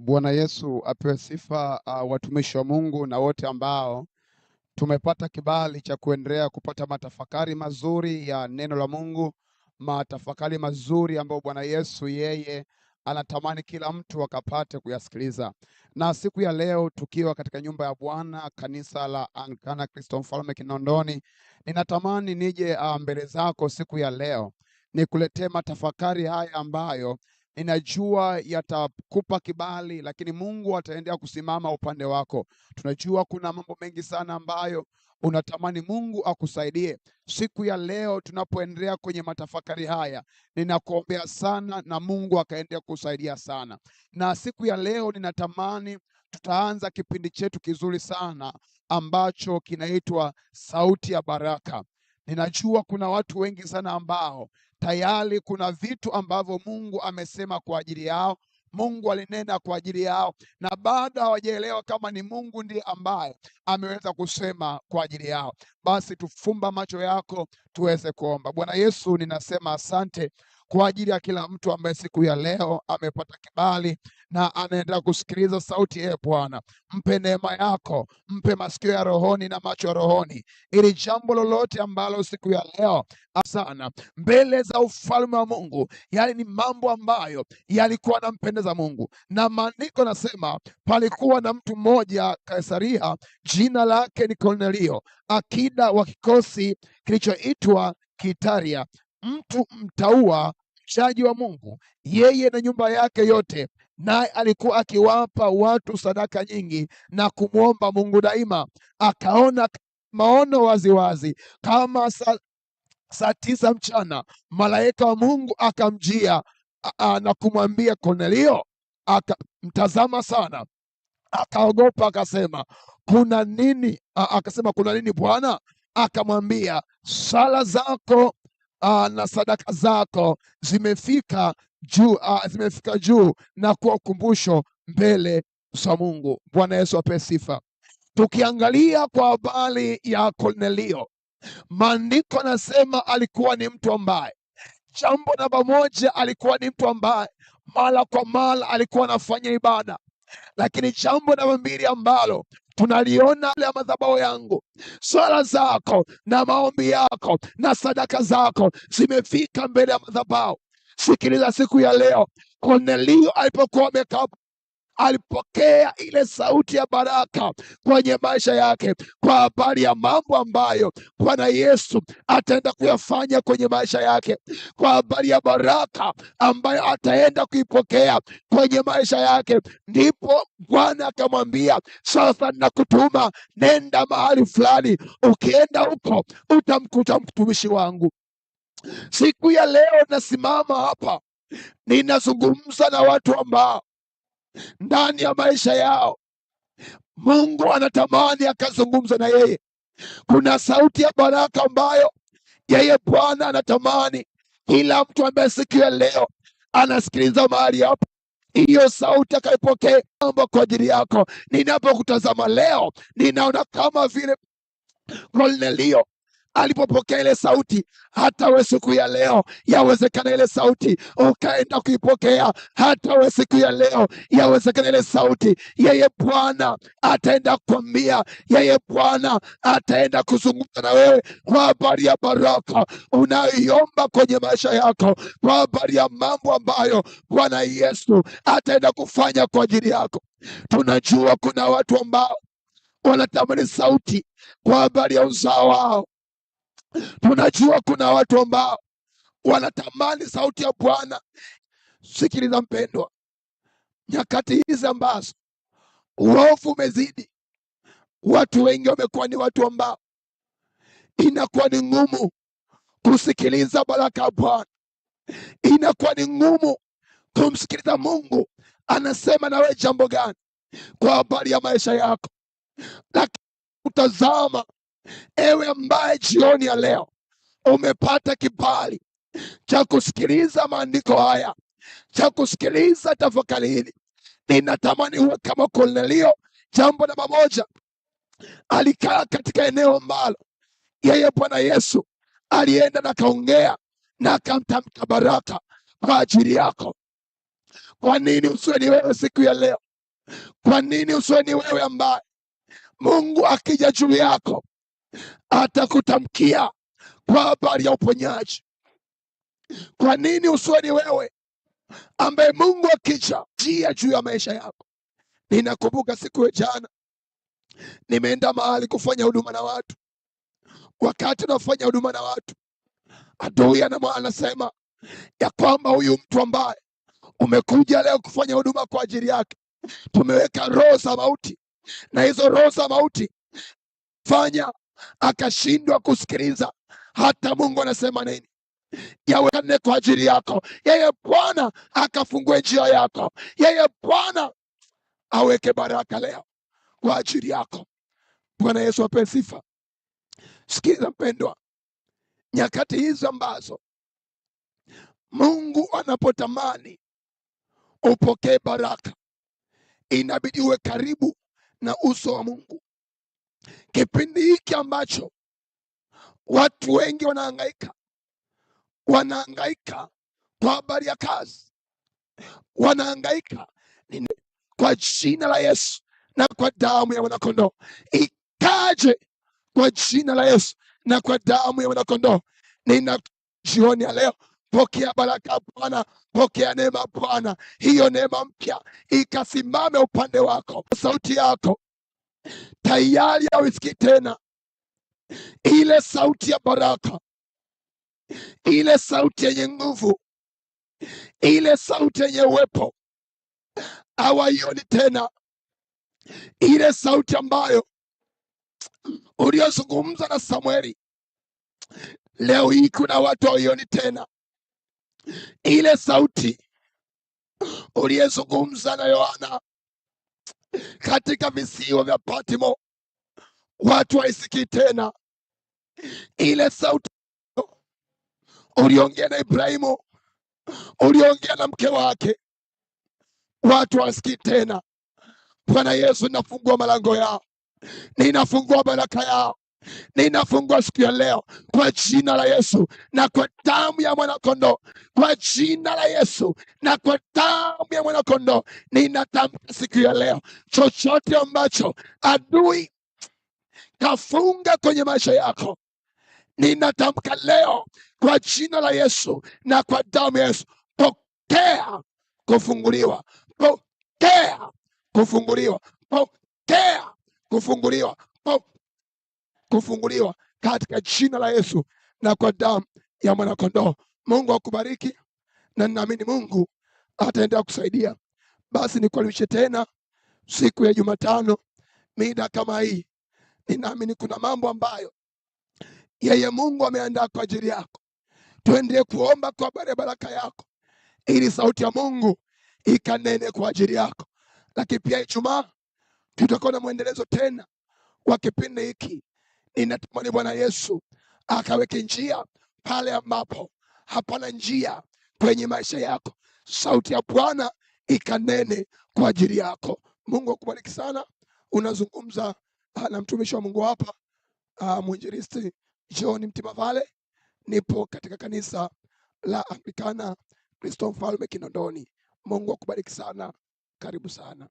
Bwana Yesu apewe sifa. Uh, watumishi wa Mungu na wote ambao tumepata kibali cha kuendelea kupata matafakari mazuri ya neno la Mungu, matafakari mazuri ambayo Bwana Yesu yeye anatamani kila mtu akapate kuyasikiliza. Na siku ya leo tukiwa katika nyumba ya Bwana, kanisa la Anglikana Kristo Mfalme Kinondoni, ninatamani nije ah, mbele zako siku ya leo nikuletee matafakari haya ambayo ninajua yatakupa kibali, lakini Mungu ataendelea kusimama upande wako. Tunajua kuna mambo mengi sana ambayo unatamani Mungu akusaidie. Siku ya leo tunapoendelea kwenye matafakari haya, ninakuombea sana na Mungu akaendelea kusaidia sana. Na siku ya leo ninatamani tutaanza kipindi chetu kizuri sana ambacho kinaitwa Sauti ya Baraka. Ninajua kuna watu wengi sana ambao tayari kuna vitu ambavyo Mungu amesema kwa ajili yao, Mungu alinena kwa ajili yao, na bado hawajaelewa kama ni Mungu ndiye ambaye ameweza kusema kwa ajili yao. Basi tufumba macho yako tuweze kuomba. Bwana Yesu, ninasema asante kwa ajili ya kila mtu ambaye siku ya leo amepata kibali na anaendelea kusikiliza sauti. Ee Bwana, mpe neema yako, mpe masikio ya rohoni na macho ya rohoni, ili jambo lolote ambalo siku ya leo sana mbele za ufalme wa Mungu, yaani ni mambo ambayo yalikuwa anampendeza Mungu. Na maandiko nasema palikuwa na mtu mmoja Kaisaria, jina lake ni Kornelio, akida wa kikosi kilichoitwa Kitaria, mtu mtaua mchaji wa Mungu, yeye na nyumba yake yote. Naye alikuwa akiwapa watu sadaka nyingi na kumwomba Mungu daima. Akaona maono waziwazi kama saa sa tisa mchana, malaika wa Mungu akamjia na kumwambia Kornelio. Akamtazama sana akaogopa, akasema kuna nini? Akasema kuna nini Bwana? Akamwambia sala zako uh, na sadaka zako zimefika juu, uh, zimefika juu na kuwa kumbusho mbele za Mungu. Bwana Yesu apee sifa. Tukiangalia kwa habari ya Kornelio, maandiko anasema alikuwa ni mtu ambaye jambo namba moja, alikuwa ni mtu ambaye mara kwa mara alikuwa anafanya ibada, lakini jambo namba mbili ambalo tunaliona ya madhabahu yangu, swala zako na maombi yako na sadaka zako zimefika mbele ya madhabahu. Sikiliza siku ya leo, Kornelio alipokuwa amekaa alipokea ile sauti ya baraka kwenye maisha yake, kwa habari ya mambo ambayo Bwana Yesu ataenda kuyafanya kwenye maisha yake, kwa habari ya baraka ambayo ataenda kuipokea kwenye maisha yake. Ndipo Bwana akamwambia, sasa nakutuma, nenda mahali fulani. Ukienda huko utamkuta mtumishi wangu. Siku ya leo nasimama hapa ninazungumza na watu ambao ndani ya maisha yao. Mungu anatamani akazungumza na yeye. Kuna sauti ya baraka ambayo yeye Bwana anatamani kila mtu ambaye siku ya leo anasikiliza mahali hapo hiyo sauti akaipokea. Mambo kwa ajili yako. Ninapokutazama leo, ninaona kama vile Kornelio alipopokea ile sauti. Hata we siku ya leo yawezekana ile sauti ukaenda kuipokea. Hata we siku ya leo yawezekana ile sauti, yeye Bwana ataenda kukwambia, yeye Bwana ataenda kuzungumza na wewe kwa habari ya baraka unayoiomba kwenye maisha yako, kwa habari ya mambo ambayo Bwana Yesu ataenda kufanya kwa ajili yako. Tunajua kuna watu ambao wanatamani sauti kwa habari ya uzao wao, Tunajua kuna watu ambao wanatamani sauti ya Bwana. Sikiliza mpendwa, nyakati hizi ambazo uovu umezidi, watu wengi wamekuwa ni watu ambao inakuwa ni ngumu kusikiliza baraka ya Bwana, inakuwa ni ngumu kumsikiliza Mungu anasema nawe jambo gani kwa habari ya maisha yako, lakini utazama Ewe ambaye jioni ya leo umepata kibali cha kusikiliza maandiko haya, cha kusikiliza tafakari hili, ninatamani uwe kama Kornelio. Jambo namba moja, alikaa katika eneo ambalo yeye Bwana Yesu alienda na kaongea na akamtamka baraka kwa ajili yako. Kwa nini usiwe ni wewe siku ya leo? Kwa nini usiwe ni wewe ambaye Mungu akija juu yako atakutamkia kwa habari ya uponyaji. Kwa nini ni wewe ambaye Mungu akicha jia juu ya maisha yako? Ninakumbuka siku ya jana nimeenda mahali kufanya huduma na watu. Wakati nafanya huduma na watu, adui anasema ya kwamba huyu mtu ambaye umekuja leo kufanya huduma kwa ajili yake, tumeweka roho za mauti, na hizo roho za mauti fanya akashindwa hata mungu anasema nini yawekane kwa ajili yako yeye bwana akafungue njia yako yeye bwana aweke baraka leo kwa ajili yako bwana yesu ape sifa sikiliza mpendwa nyakati hizo ambazo mungu anapotamani upokee baraka inabidi uwe karibu na uso wa mungu Kipindi hiki ambacho watu wengi wanaangaika wanaangaika kwa habari ya kazi, wanaangaika nini? Kwa jina la Yesu na kwa damu ya mwanakondoo ikaje, kwa jina la Yesu na kwa damu ya mwanakondoo. Nina jioni ya leo Pokea baraka Bwana, pokea neema Bwana. Hiyo neema mpya ikasimame upande wako, sauti yako tayari hawisikii tena ile sauti ya baraka, ile sauti yenye nguvu, ile sauti yenye uwepo, hawaioni tena ile sauti ambayo uliozungumza na Samueli. Leo hii kuna watu hawaioni tena ile sauti uliyezungumza na Yohana katika visiwa vya Patmo, watu waisikii tena ile sauti uliongea na Ibrahimu, uliongea na mke wake, watu wasikii tena. Bwana Yesu, ninafungua malango yao, ninafungua baraka yao, ninafungua siku ya leo kwa jina la Yesu na kwa damu ya mwanakondo kwa jina la Yesu na kwa damu ya mwanakondo ninatamka siku ya leo, chochote ambacho adui kafunga kwenye maisha yako, ninatamka leo kwa jina la Yesu na kwa damu ya Yesu, pokea kufunguliwa, pokea kufunguliwa, pokea kufunguliwa kufunguliwa katika jina la Yesu na kwa damu ya mwanakondoo. Mungu akubariki, na ninaamini Mungu ataendelea kusaidia. Basi nikukaribishe tena siku ya Jumatano mida kama hii. Ninaamini kuna mambo ambayo yeye Mungu ameandaa kwa ajili yako. Tuendelee kuomba kwa habari ya baraka yako, ili sauti ya Mungu ikanene kwa ajili yako. Lakini pia Ijumaa tutakuwa na mwendelezo tena wa kipindi hiki Ninatamani Bwana Yesu akaweke njia pale ambapo hapana njia kwenye maisha yako, sauti ya Bwana ikanene kwa ajili yako. Mungu akubariki sana. Unazungumza ah, na mtumishi wa Mungu hapa, uh, mwinjilisti John Mtimavale. Nipo katika kanisa la Anglikana Kristo Mfalme Kinondoni. Mungu akubariki sana, karibu sana.